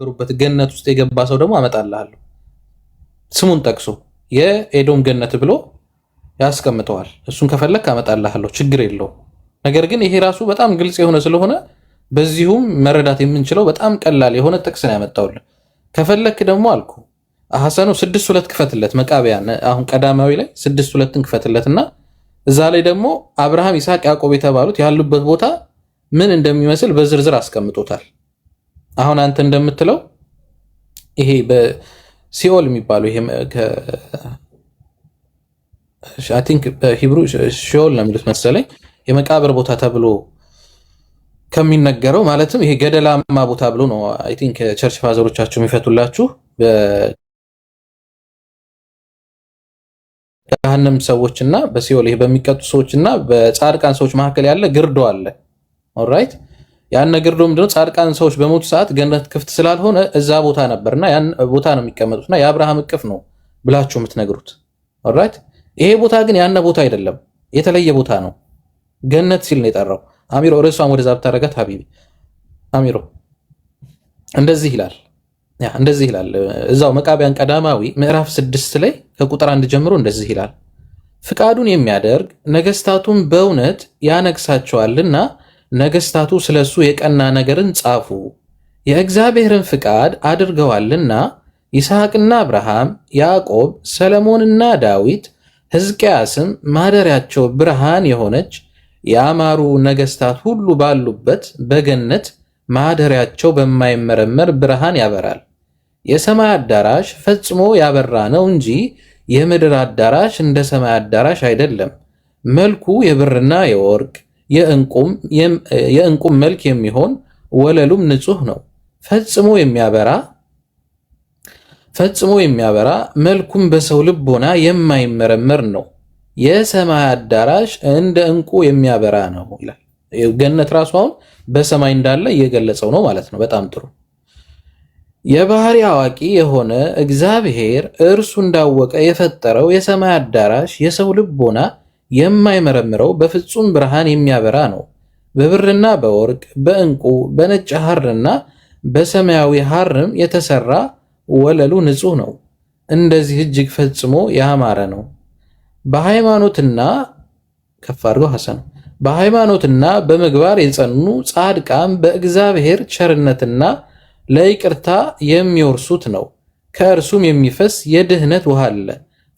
በሩበት ገነት ውስጥ የገባ ሰው ደግሞ አመጣልሃለሁ ስሙን ጠቅሶ የኤዶም ገነት ብሎ ያስቀምጠዋል። እሱን ከፈለግ አመጣልሃለሁ፣ ችግር የለው ነገር ግን ይሄ ራሱ በጣም ግልጽ የሆነ ስለሆነ በዚሁም መረዳት የምንችለው በጣም ቀላል የሆነ ጥቅስ ነው ያመጣውልን። ከፈለክ ደግሞ አልኩ ሐሰኑ ስድስት ሁለት ክፈትለት መቃቢያ አሁን ቀዳማዊ ላይ ስድስት ሁለትን ክፈትለት እና እዛ ላይ ደግሞ አብርሃም፣ ይስሐቅ፣ ያዕቆብ የተባሉት ያሉበት ቦታ ምን እንደሚመስል በዝርዝር አስቀምጦታል። አሁን አንተ እንደምትለው ይሄ በሲኦል የሚባለው ይሄ አይ ቲንክ በሂብሩ ሺኦል ነው የሚሉት መሰለኝ የመቃብር ቦታ ተብሎ ከሚነገረው ማለትም ይሄ ገደላማ ቦታ ብሎ ነው አይ ቲንክ ቸርች ፋዘሮቻችሁ የሚፈቱላችሁ በገሃነም ሰዎች እና በሲኦል ይሄ በሚቀጡ ሰዎች እና በጻድቃን ሰዎች መካከል ያለ ግርዶ አለ ኦራይት ያን ነገር ደግሞ ምንድነው ጻድቃን ሰዎች በሞቱ ሰዓት ገነት ክፍት ስላልሆነ እዛ ቦታ ነበርና ያን ቦታ ነው የሚቀመጡትና የአብርሃም እቅፍ ነው ብላችሁ የምትነግሩት ኦራይት። ይሄ ቦታ ግን ያነ ቦታ አይደለም፣ የተለየ ቦታ ነው። ገነት ሲል ነው የጠራው። አሚሮ ርዕሷን ወደዛ ብታረጋት ሀቢቢ አሚሮ እንደዚህ ይላል እንደዚህ ይላል እዛው መቃቢያን ቀዳማዊ ምዕራፍ ስድስት ላይ ከቁጥር አንድ ጀምሮ እንደዚህ ይላል። ፍቃዱን የሚያደርግ ነገስታቱን በእውነት ያነግሳቸዋልና ነገሥታቱ ስለ እሱ የቀና ነገርን ጻፉ፣ የእግዚአብሔርን ፍቃድ አድርገዋልና ይስሐቅና አብርሃም፣ ያዕቆብ፣ ሰለሞንና ዳዊት፣ ሕዝቅያስም ማደሪያቸው ብርሃን የሆነች ያማሩ ነገሥታት ሁሉ ባሉበት በገነት ማደሪያቸው በማይመረመር ብርሃን ያበራል። የሰማይ አዳራሽ ፈጽሞ ያበራ ነው እንጂ የምድር አዳራሽ እንደ ሰማይ አዳራሽ አይደለም። መልኩ የብርና የወርቅ የእንቁም መልክ የሚሆን ወለሉም ንጹህ ነው። ፈጽሞ የሚያበራ ፈጽሞ የሚያበራ መልኩም በሰው ልቦና የማይመረመር ነው። የሰማይ አዳራሽ እንደ እንቁ የሚያበራ ነው ይላል። ገነት ራሱ አሁን በሰማይ እንዳለ እየገለጸው ነው ማለት ነው። በጣም ጥሩ የባህሪ አዋቂ የሆነ እግዚአብሔር እርሱ እንዳወቀ የፈጠረው የሰማይ አዳራሽ የሰው ልቦና የማይመረምረው በፍጹም ብርሃን የሚያበራ ነው። በብርና በወርቅ በእንቁ፣ በነጭ ሐርና በሰማያዊ ሐርም የተሰራ ወለሉ ንጹህ ነው። እንደዚህ እጅግ ፈጽሞ ያማረ ነው። በሃይማኖትና ከፍ አድርጎ ሐሰን በሃይማኖትና በምግባር የጸኑ ጻድቃን በእግዚአብሔር ቸርነትና ለይቅርታ የሚወርሱት ነው። ከእርሱም የሚፈስ የድህነት ውሃ አለ።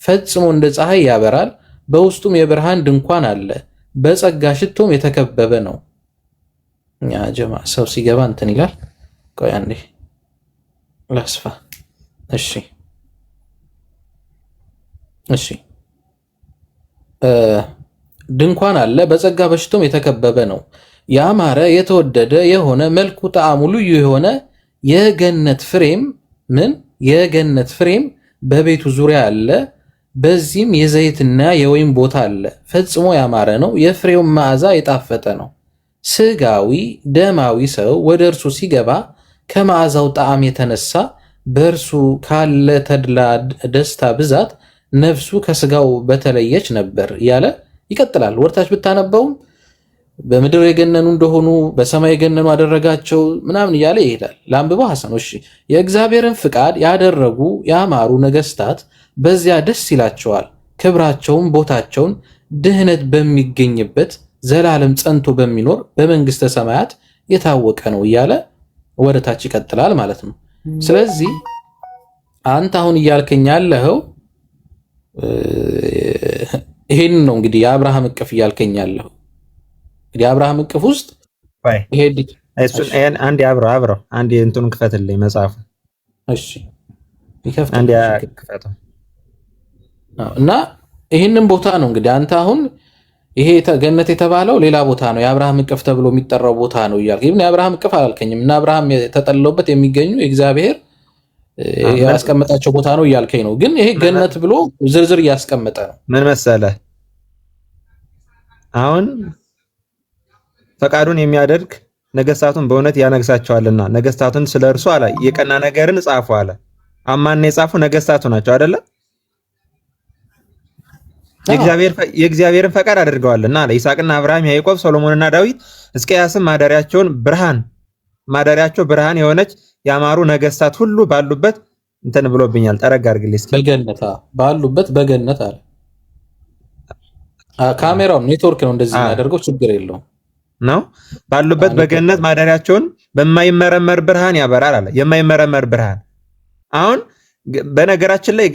ፈጽሞ እንደ ፀሐይ ያበራል። በውስጡም የብርሃን ድንኳን አለ፣ በጸጋ ሽቶም የተከበበ ነው። ያ ጀማ ሰው ሲገባ እንትን ይላል። ቆይ አንዴ ላስፋ። እሺ እሺ ድንኳን አለ በጸጋ በሽቶም የተከበበ ነው። ያማረ የተወደደ የሆነ መልኩ ጣዕሙ ልዩ የሆነ የገነት ፍሬም ምን የገነት ፍሬም በቤቱ ዙሪያ አለ። በዚህም የዘይትና የወይን ቦታ አለ፣ ፈጽሞ ያማረ ነው፣ የፍሬውን መዓዛ የጣፈጠ ነው። ስጋዊ ደማዊ ሰው ወደ እርሱ ሲገባ ከመዓዛው ጣዕም የተነሳ በእርሱ ካለ ተድላ ደስታ ብዛት ነፍሱ ከስጋው በተለየች ነበር ያለ ይቀጥላል። ወርታች ብታነበውም በምድር የገነኑ እንደሆኑ በሰማይ የገነኑ አደረጋቸው ምናምን እያለ ይሄዳል። ለአንብበው ሐሰን እሺ። የእግዚአብሔርን ፍቃድ ያደረጉ ያማሩ ነገስታት በዚያ ደስ ይላቸዋል። ክብራቸውን ቦታቸውን ድህነት በሚገኝበት ዘላለም ጸንቶ በሚኖር በመንግስተ ሰማያት የታወቀ ነው እያለ ወደታች ይቀጥላል ማለት ነው። ስለዚህ አንተ አሁን እያልከኝ ያለኸው ይህን ነው እንግዲህ የአብርሃም እቅፍ እያልከኝ ያለኸው እንግዲህ አብርሃም እቅፍ ውስጥ ይሄድ አንድ አብረ አብረ አንድ እንትኑን ክፈትልኝ መጽሐፉ እና ይህንን ቦታ ነው እንግዲህ አንተ አሁን ይሄ ገነት የተባለው ሌላ ቦታ ነው፣ የአብርሃም እቅፍ ተብሎ የሚጠራው ቦታ ነው እያልክ ግን የአብርሃም እቅፍ አላልከኝም። እና አብርሃም ተጠልለውበት የሚገኙ የእግዚአብሔር ያስቀመጣቸው ቦታ ነው እያልከኝ ነው። ግን ይሄ ገነት ብሎ ዝርዝር እያስቀመጠ ነው። ምን መሰለህ አሁን ፈቃዱን የሚያደርግ ነገስታቱን በእውነት ያነግሳቸዋልና ነገስታቱን ስለ እርሱ አለ የቀና ነገርን ጻፉ አለ። አማና የጻፉ ነገስታቱ ናቸው አይደለ? የእግዚአብሔርን ፈቃድ አድርገዋልና አለ። ይስሐቅና አብርሃም፣ ያዕቆብ፣ ሶሎሞንና ዳዊት ሕዝቅያስም ማደሪያቸውን ብርሃን ማደሪያቸው ብርሃን የሆነች ያማሩ ነገስታት ሁሉ ባሉበት እንትን ብሎብኛል። ጠረግ አድርግልኝ እስኪ። በገነት ባሉበት በገነት አለ። ካሜራው ኔትወርክ ነው እንደዚህ የሚያደርገው ችግር የለውም። ነው ባሉበት በገነት ማደሪያቸውን በማይመረመር ብርሃን ያበራል አለ። የማይመረመር ብርሃን አሁን በነገራችን ላይ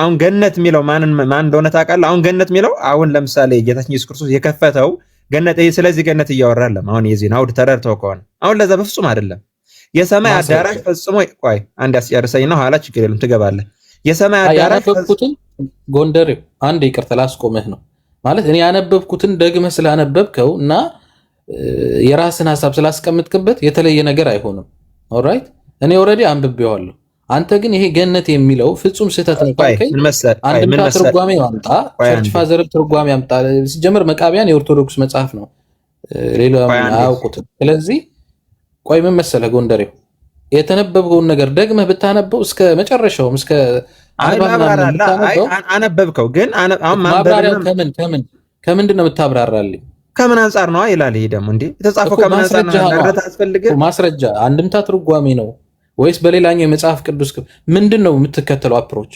አሁን ገነት የሚለው ማን እንደሆነ ታውቃለህ? አሁን ገነት የሚለው አሁን ለምሳሌ ጌታችን ኢየሱስ ክርስቶስ የከፈተው ገነት፣ ስለዚህ ገነት እያወራለም አሁን የዚህን አውድ ተረድተው ከሆነ አሁን ለዛ በፍጹም አይደለም። የሰማይ አዳራሽ ፈጽሞ ቆይ አንድ ያስጨርሰኝ ነው፣ ኋላ ችግር የለም ትገባለህ። የሰማይ አዳራሽ ጎንደሬው አንድ ይቅርታ ነው ማለት እኔ ያነበብኩትን ደግመህ ስላነበብከው እና የራስን ሀሳብ ስላስቀምጥክበት የተለየ ነገር አይሆንም። ኦራይት እኔ ኦልሬዲ አንብቤዋለሁ። አንተ ግን ይሄ ገነት የሚለው ፍጹም ስህተት ነው ካልከኝ አንድምታ ትርጓሜ አምጣ፣ ቸርች ፋዘር ትርጓሜ አምጣ። ሲጀምር መቃቢያን የኦርቶዶክስ መጽሐፍ ነው፣ ሌላ አያውቁትም። ስለዚህ ቆይ ምን መሰለህ ጎንደሬው የተነበብከውን ነገር ደግመህ ብታነበው እስከ መጨረሻውም እስከ አነበብከው ግን ከምን ከምንድን ነው የምታብራራልኝ? ከምን አንጻር ነው ይላል። ይሄ ደግሞ እንዴ የተጻፈው ከምን አንጻር ነው? አስፈልገ ማስረጃ አንድምታ ትርጓሜ ነው ወይስ በሌላኛው የመጽሐፍ ቅዱስ ምንድን ነው የምትከተለው አፕሮች?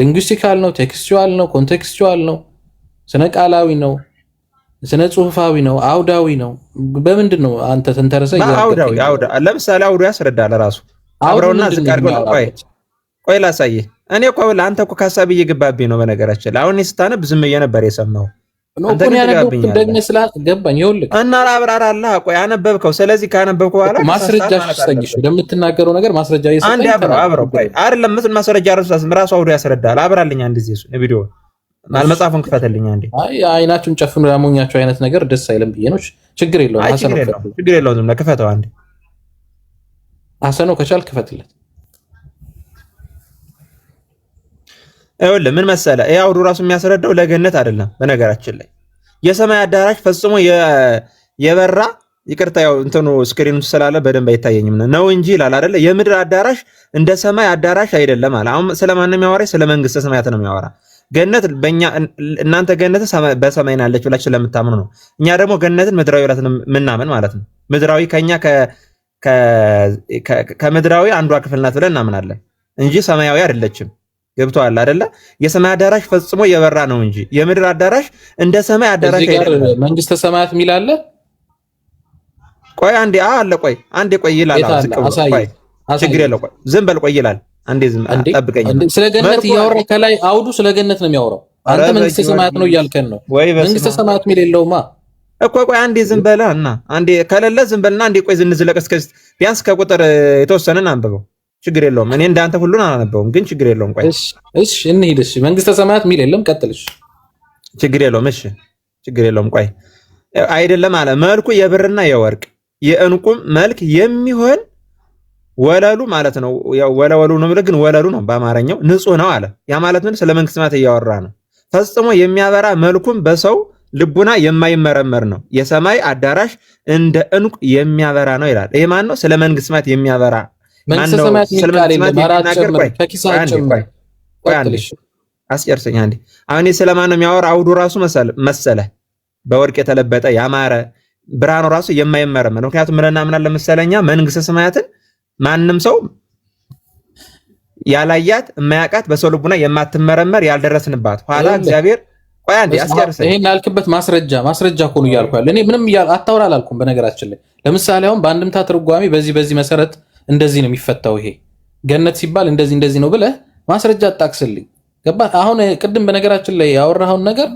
ሊንግዊስቲካል ነው? ቴክስቹዋል ነው? ኮንቴክስቹዋል ነው? ስነ ቃላዊ ነው? ስነ ጽሁፋዊ ነው? አውዳዊ ነው? በምንድን ነው አንተ ተንተረሰ? አውዳዊ አውዳ ለምሳሌ አውዱ ያስረዳል ራሱ አብረውና ዝቅ አድርገው ቆይ ላሳየህ። እኔ እኮ ለአንተ እኮ ከሀሳብ እየገባብኝ ነው። በነገራችን ላይ አሁን ስታነብ ዝም ብዬ ነበር የሰማው ገባኝ። አነበብከው። ስለዚህ ካነበብከው በኋላ ማስረጃ ሰኝሽ ለምትናገረው ነገር ማስረጃ አንድ አብረው አብረው አይደለም ማስረጃ ራሱ አውዶ ያስረዳል። አብራልኝ አንድ ቪዲዮ አልመጽሐፉን ክፈተልኝ አንዴ። አይ አይናችሁን ጨፍኑ አይነት ነገር ደስ አይልም ብዬ ነው። ችግር የለውም፣ ችግር የለውም። ክፈተው አንዴ ከቻል ክፈትለት ይኸውልህ ምን መሰለ ይህ አውዱ ራሱ የሚያስረዳው ለገነት አይደለም። በነገራችን ላይ የሰማይ አዳራሽ ፈጽሞ የበራ ይቅርታ፣ ያው እንትኑ ስክሪኑ ስላለ በደንብ አይታየኝም ነው እንጂ ይላል አይደለ። የምድር አዳራሽ እንደ ሰማይ አዳራሽ አይደለም አለ። አሁን ስለማን ነው የሚያወራ? ስለ መንግስተ ሰማያት ነው የሚያወራ። ገነት በእኛ እናንተ ገነት በሰማይ ናለች ብላችሁ ስለምታምኑ ነው። እኛ ደግሞ ገነትን ምድራዊ ብላት ምናምን ማለት ነው። ምድራዊ ከኛ ከምድራዊ አንዷ ክፍል ናት ብለን እናምናለን እንጂ ሰማያዊ አይደለችም። ገብተዋል አይደለ? የሰማይ አዳራሽ ፈጽሞ የበራ ነው እንጂ የምድር አዳራሽ እንደ ሰማይ አዳራሽ አይደለም። መንግስተ ሰማያት የሚል አለ። ቆይ አንዴ አለ። ቆይ አንዴ ቆይ ይላል። ችግር የለው። ቆይ ዝም በል ቆይ ይላል። አንዴ ዝም ጠብቀኝ። ስለ ገነት እያወራ ከላይ አውዱ ስለ ገነት ነው የሚያወራው። አንተ መንግስተ ሰማያት ነው እያልከን ነው። መንግስተ ሰማያት የሚል የለውማ እኮ ቆይ አንዴ ዝም በል እና አንዴ ከሌለ ዝም በልና አንዴ ቆይ ዝንዝለቀስ ቢያንስ ከቁጥር የተወሰነን አንብበው ችግር የለውም። እኔ እንዳንተ ሁሉን አላነበውም፣ ግን ችግር የለውም። ቆይ እሺ፣ እንሂድ። እሺ፣ መንግስተ ሰማያት የሚል የለም። ቀጥል። እሺ፣ ችግር የለውም። እሺ፣ ችግር የለውም። ቆይ አይደለም አለ። መልኩ የብርና የወርቅ የእንቁም መልክ የሚሆን ወለሉ ማለት ነው። ያው ወለወሉ ነው ግን ወለሉ ነው በአማርኛው ንጹህ ነው አለ። ያ ማለት ምን? ስለ መንግስተ ሰማያት እያወራ ነው። ፈጽሞ የሚያበራ መልኩም በሰው ልቡና የማይመረመር ነው። የሰማይ አዳራሽ እንደ እንቁ የሚያበራ ነው ይላል። ይህ ማን ነው? ስለ መንግስተ ሰማያት የሚያበራ መንግስተ ሰማያት አስጨርሰኝ አንዴ። አሁን ስለማን ነው የሚያወራ? አውዱ ራሱ መሰለ በወርቅ የተለበጠ ያማረ ብርሃኑ ራሱ የማይመረመር ምክንያቱም ምንና ምናለ መሰለኛ መንግስተ ሰማያትን ማንም ሰው ያላያት የማያውቃት በሰው ልቡና የማትመረመር ያልደረስንባት ኋላ እግዚአብሔር ቆይ አንዴ አስጨርሰኝ። ይሄን ያልክበት ማስረጃ ማስረጃ እኮ ነው እያልኩ ያለ እኔ ምንም አታውራ አላልኩም። በነገራችን ላይ ለምሳሌ አሁን በአንድምታ ትርጓሜ በዚህ በዚህ መሰረት እንደዚህ ነው የሚፈታው፣ ይሄ ገነት ሲባል እንደዚህ እንደዚህ ነው ብለህ ማስረጃ አጣቅስልኝ። ገባ? አሁን ቅድም በነገራችን ላይ ያወራኸውን ነገር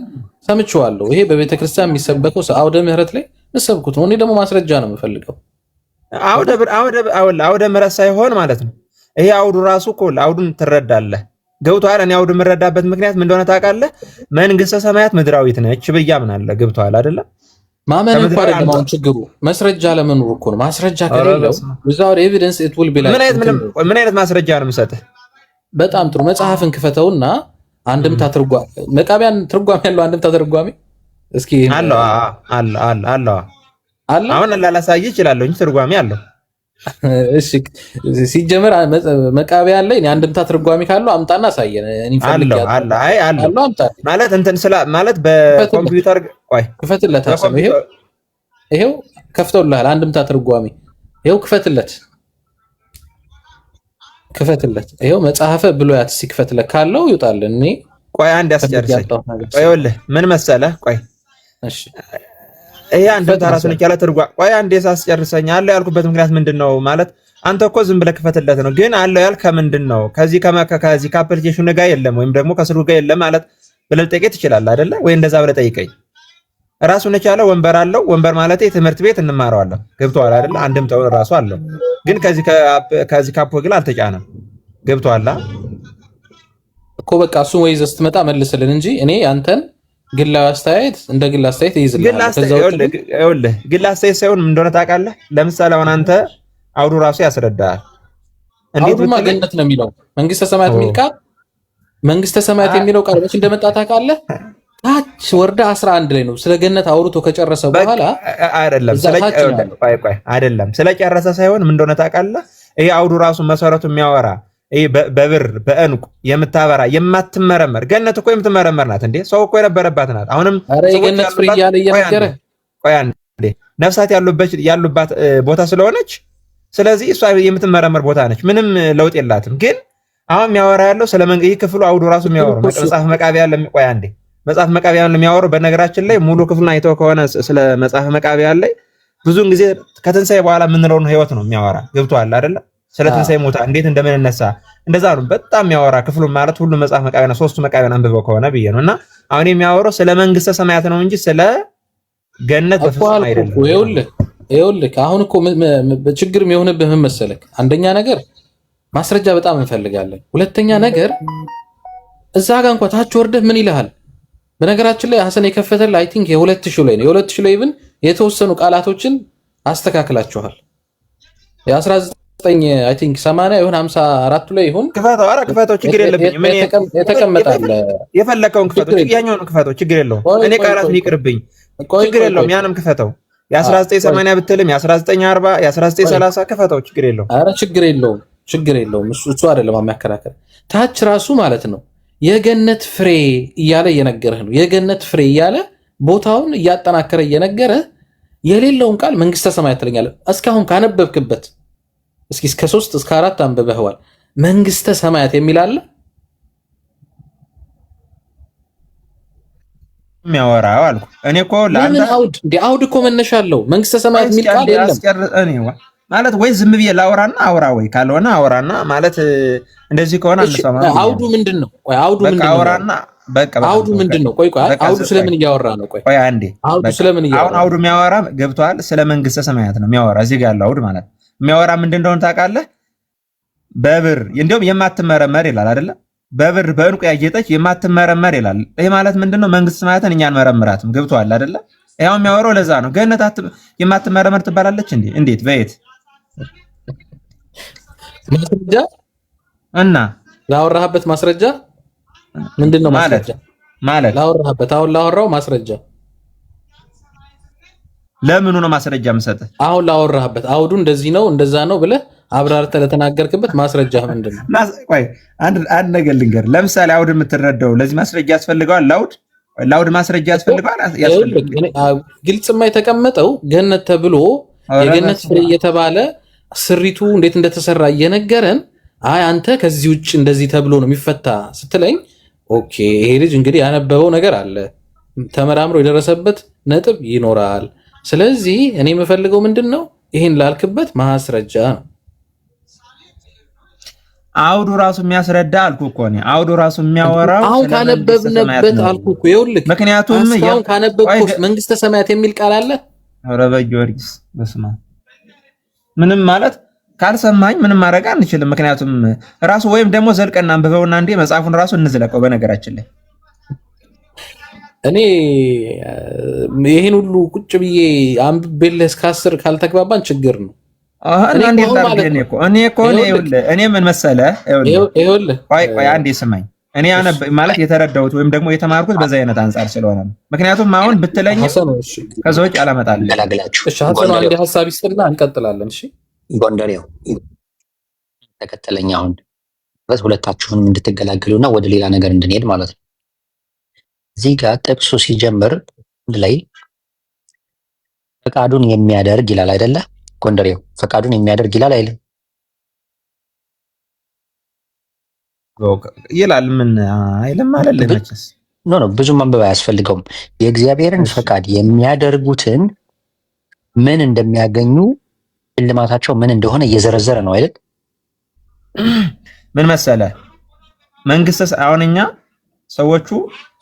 ሰምቼዋለሁ። ይሄ በቤተክርስቲያን የሚሰበከው አውደ ምህረት ላይ የምሰብኩት ነው። እኔ ደግሞ ማስረጃ ነው የምፈልገው። አውደ ምህረት ሳይሆን ማለት ነው። ይሄ አውዱ ራሱ እኮ አውዱን ትረዳለህ። ገብቶሃል? እኔ አውዱ የምረዳበት ምክንያት ምን እንደሆነ ታውቃለህ? መንግስተ ሰማያት ምድራዊት ነች ብዬ አምናለሁ። ገብቶሃል አይደለም? ማመን እንኳን አይደለም። አሁን ችግሩ መስረጃ ለመኖር እኮ ነው። ማስረጃ ከሌለው ዊዛውት ኤቪደንስ ኢት ዊል ቢ ላይክ ምን አይነት ማስረጃ ነው የምሰጥህ? በጣም ጥሩ መጽሐፍን ክፈተውና አንድምታ ትርጓሜ መቃቢያን ትርጓሜ ያለው አንድምታ ትርጓሜ እስኪ አለ አለ አለ አለ አሁን ላላሳይ እችላለሁ እንጂ ትርጓሜ አለው እሺ ሲጀመር መቃቢያ ላይ አንድምታ ትርጓሚ ካለው አምጣና አሳየን። ማለት እንትን ስላ ማለት በኮምፒውተር ክፈትለት፣ ይሄው ከፍቶልሃል። አንድምታ ትርጓሚ ይሄው ክፈትለት፣ ክፈትለት፣ ይሄው መጽሐፈ ብሉያት ሲክፈትለት ካለው ይውጣል። እኔ ቆይ አንድ ያስጨርሰኝ። ቆይ ምን መሰለህ? ቆይ እሺ ይሄ አንተ ራሱን እያለ ትርጓ ቆይ አንዴ ሳስጨርሰኝ አለው ያልኩበት ምክንያት ምንድን ነው ማለት አንተ እኮ ዝም ብለህ ክፈትለት ነው ግን አለው ያልክ ከምንድን ነው ከዚህ ከዚህ ከአፕሊኬሽኑ ጋር የለም ወይም ደግሞ ከስልኩ ጋር የለም ማለት ብለህ ልጠይቀኝ ትችላለህ አይደለ ወይ እንደዛ ብለህ ጠይቀኝ ራሱን የቻለ ወንበር አለው ወንበር ማለት ትምህርት ቤት እንማረዋለን ገብቶሃል አይደለ አንድም ተው ራሱ አለው ግን ከዚህ ከዚህ ካፖ ግን አልተጫነም ገብቶሃል እኮ በቃ እሱን ወይ ይዘህ ስትመጣ መልስልን እንጂ እኔ አንተን ግል አስተያየት እንደ ግል አስተያየት ይይዝልሃል። ግል አስተያየት ሳይሆን ምን እንደሆነ ታውቃለህ? ለምሳሌ አሁን አንተ አውዱ ራሱ ያስረዳሃል። አውዱማ ገነት ነው የሚለው መንግስተ ሰማያት የሚል ቃል መንግስተ ሰማያት የሚለው ቃል መች እንደመጣ ታውቃለህ? ታች ወርደ 11 ላይ ነው ስለ ገነት አውርቶ ከጨረሰ በኋላ አይደለም፣ አይደለም ስለጨረሰ ሳይሆን ምን እንደሆነ ታውቃለህ? ይሄ አውዱ ራሱ መሰረቱ የሚያወራ በብር በእንቁ የምታበራ የማትመረመር ገነት እኮ የምትመረመር ናት እንዴ! ሰው እኮ የነበረባት ናት። አሁንም ነፍሳት ያሉባት ቦታ ስለሆነች ስለዚህ እሷ የምትመረመር ቦታ ነች። ምንም ለውጥ የላትም። ግን አሁን የሚያወራ ያለው ስለ ይህ ክፍሉ አውዱ ራሱ የሚያወሩ መጽሐፍ መቃቢያ ለሚቆያ እንዴ መጽሐፍ መቃቢያ ለሚያወሩ በነገራችን ላይ ሙሉ ክፍሉን አይተው ከሆነ ስለ መጽሐፍ መቃቢያ ላይ ብዙውን ጊዜ ከትንሳኤ በኋላ የምንለውን ህይወት ነው የሚያወራ ገብቶሃል አይደለም? ስለ ትንሳኤ ሞታ እንዴት እንደምንነሳ እንደዛ ነው። በጣም የሚያወራ ክፍሉ ማለት ሁሉ መጽሐፍ መቃብያን ሶስቱ መቃብያን አንብበው ከሆነ ብዬ ነው። እና አሁን የሚያወራው ስለ መንግስተ ሰማያት ነው እንጂ ስለ ገነት በፍጹም አይደለም። ይኸውልህ ይኸውልህ አሁን እኮ ችግር የሆነብህ ምን መሰለክ፣ አንደኛ ነገር ማስረጃ በጣም እንፈልጋለን። ሁለተኛ ነገር እዛ ጋር እንኳ ታች ወርደህ ምን ይልሃል? በነገራችን ላይ ሀሰን የከፈተልህ አይ ቲንክ የሁለት ሺህ ላይ ነው። የሁለት ሺህ ላይ ብን የተወሰኑ ቃላቶችን አስተካክላችኋል። የ19 ሰማንያ ይሁን ሀምሳ አራቱ ላይ ይሁን ክፈተው። ኧረ ክፈተው፣ ችግር የለብኝም። የፈለከውን ክፈተው፣ ክፈተው፣ ችግር የለውም። እኔ ይቅርብኝ፣ ችግር የለውም። ያንም ክፈተው፣ የ1980 ብትልም የ1940 የ1930 ክፈተው፣ ችግር የለውም። ኧረ ችግር የለውም፣ ችግር የለውም። እሱ አይደለም የሚያከራከር ታች ራሱ ማለት ነው። የገነት ፍሬ እያለ እየነገረህ ነው። የገነት ፍሬ እያለ ቦታውን እያጠናከረ እየነገረ የሌለውን ቃል መንግስተ ሰማያት ትለኛለህ። እስካሁን ካነበብክበት እስኪ እስከ ሶስት እስከ አራት አንብበህዋል። መንግስተ ሰማያት የሚል አለ የሚያወራው አልኩ። እኔ እኮ ለምን አውድ እንደ አውድ እኮ መነሻ አለው። መንግስተ ሰማያት የሚል ቃል የለም ማለት ወይ ዝም ብዬ ላውራና አውራ ወይ ካልሆነ አውራና ማለት እንደዚህ ከሆነ አልሰማ። አውዱ ምንድን ነው? ቆይ አውዱ ምንድን ነው? አውራና በቃ አውዱ ምንድን ነው? ቆይ ቆይ አውዱ ስለምን እያወራ ነው? ቆይ ቆይ አንዴ አውዱ ስለምን እያወራ አሁን አውዱ የሚያወራ ገብቷል። ስለ መንግስተ ሰማያት ነው የሚያወራ እዚህ ጋር ያለው አውድ ማለት ነው የሚያወራ ምንድን እንደሆነ ታውቃለህ? በብር እንዲሁም የማትመረመር ይላል አይደለም? በብር በእንቁ ያጌጠች የማትመረመር ይላል። ይህ ማለት ምንድነው? መንግስት ማለትን እኛ አንመረምራትም። ገብቶሃል አይደለ? ያው የሚያወራው ለዛ ነው። ገነት የማትመረመር ትባላለች እንዴ? እንዴት በየት ማስረጃ እና ላወራህበት ማስረጃ ምንድነው? ነው? ማስረጃ ማለት ላወራህበት አሁን ላወራው ማስረጃ ለምኑ ነው ማስረጃ የምሰጥህ? አሁን ላወራህበት አውዱ እንደዚህ ነው እንደዛ ነው ብለህ አብራርተህ ለተናገርክበት ማስረጃ ምንድን ነው? አንድ ነገር ልንገርህ። ለምሳሌ አውድ የምትረዳው ለዚህ ማስረጃ ያስፈልገዋል። ላውድ ላውድ ማስረጃ ያስፈልገዋል። ግልጽማ የተቀመጠው ገነት ተብሎ የገነት ፍሬ እየተባለ ስሪቱ እንዴት እንደተሰራ እየነገረን አይ አንተ ከዚህ ውጭ እንደዚህ ተብሎ ነው የሚፈታ ስትለኝ፣ ኦኬ ይሄ ልጅ እንግዲህ ያነበበው ነገር አለ፣ ተመራምሮ የደረሰበት ነጥብ ይኖራል ስለዚህ እኔ የምፈልገው ምንድን ነው? ይህን ላልክበት ማስረጃ ነው። አውዱ ራሱ የሚያስረዳ አልኩ እኮ እኔ አውዱ ራሱ የሚያወራው አሁን ካነበብንበት አልኩ እኮ ይኸውልህ። ምክንያቱም አሁን ካነበብኩት መንግስተ ሰማያት የሚል ቃል አለ። ኧረ በጊዮርጊስ በስመ አብ ምንም ማለት ካልሰማኝ ምንም ማድረግ አንችልም። ምክንያቱም ራሱ ወይም ደግሞ ዘልቀና አንብበውና እንዴ መጽሐፉን ራሱ እንዝለቀው በነገራችን ላይ እኔ ይህን ሁሉ ቁጭ ብዬ አንብቤልህ እስከ አስር ካልተግባባን ችግር ነው። እኔ ምን መሰለህ፣ ቆይ አንዴ ስማኝ። እኔ ማለት የተረዳሁት ወይም ደግሞ የተማርኩት በዛ አይነት አንጻር ስለሆነ ነው። ምክንያቱም አሁን ብትለኝ ከዛ ውጭ አላመጣልህ። ሀሳብ ይስጥና እንቀጥላለን። ጎንደሬው ተከተለኝ። አሁን ሁለታችሁን እንድትገላገሉና ወደ ሌላ ነገር እንድንሄድ ማለት ነው እዚህ ጋር ጥቅሱ ሲጀምር ላይ ፈቃዱን የሚያደርግ ይላል አይደለ? ጎንደሬው ፈቃዱን የሚያደርግ ይላል አይልም? ይላል። ምን አይልም አይደል? ኖ ኖ፣ ብዙ ማንበብ አያስፈልገውም። የእግዚአብሔርን ፈቃድ የሚያደርጉትን ምን እንደሚያገኙ ሽልማታቸው ምን እንደሆነ እየዘረዘረ ነው አይደል? ምን መሰለ መንግስት አሁን እኛ ሰዎቹ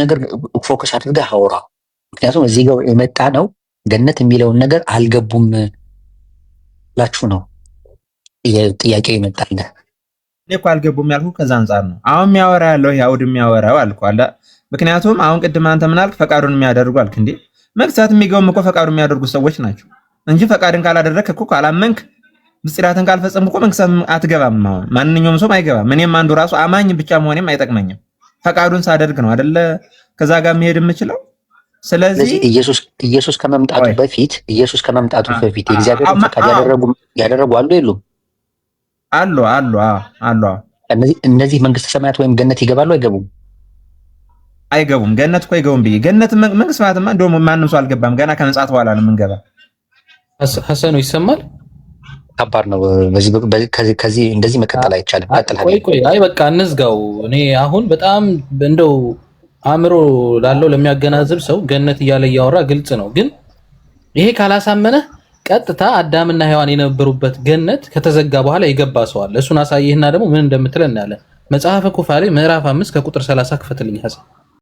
ነገር ፎከስ አድርገ አውራ። ምክንያቱም እዚህ ጋር የመጣ ነው ገነት የሚለውን ነገር አልገቡም ላችሁ ነው ጥያቄ ይመጣልህ። እኔ እኮ አልገቡም ያልኩ ከዛ አንጻር ነው። አሁን የሚያወራ ያለው አይሁድ የሚያወራው አልኩ አለ። ምክንያቱም አሁን ቅድም አንተ ምናልክ ፈቃዱን የሚያደርጉ አልክ። እንዴ መቅሳት የሚገውም እኮ ፈቃዱን የሚያደርጉ ሰዎች ናቸው እንጂ ፈቃድን ካላደረግ እኮ ካላመንክ ምስጢራትን ካልፈጸምክ እኮ መንግስት አትገባም። አሁን ማንኛውም ሰውም አይገባም። እኔም አንዱ ራሱ አማኝ ብቻ መሆኔም አይጠቅመኝም። ፈቃዱን ሳደርግ ነው አይደለ ከዛ ጋር መሄድ የምችለው። ስለዚህ ኢየሱስ ኢየሱስ ከመምጣቱ በፊት ኢየሱስ ከመምጣቱ በፊት የእግዚአብሔር ፈቃድ ያደረጉ ያደረጉ አሉ የሉም? አሉ አሉ አሉ። እነዚህ እነዚህ መንግስተ ሰማያት ወይም ገነት ይገባሉ አይገቡም? አይገቡም። ገነት እኮ አይገቡም ብዬ ገነት መንግስት ማለትማ እንደውም ማንም ሰው አልገባም። ገና ከመምጣት በኋላ ነው የምንገባ። ሀሰኑ ይሰማል ከባድ ነው። ከዚህ እንደዚህ መቀጠል አይቻልም። ቆይ ቆይ፣ አይ በቃ እንዝጋው። እኔ አሁን በጣም እንደው አእምሮ ላለው ለሚያገናዝብ ሰው ገነት እያለ እያወራ ግልጽ ነው። ግን ይሄ ካላሳመነ ቀጥታ አዳምና ሔዋን የነበሩበት ገነት ከተዘጋ በኋላ የገባ ሰው አለ። እሱን አሳይህና ደግሞ ምን እንደምትለን እናያለን። መጽሐፈ ኩፋሌ ምዕራፍ አምስት ከቁጥር ሰላሳ ክፈትልኝ ሀሳብ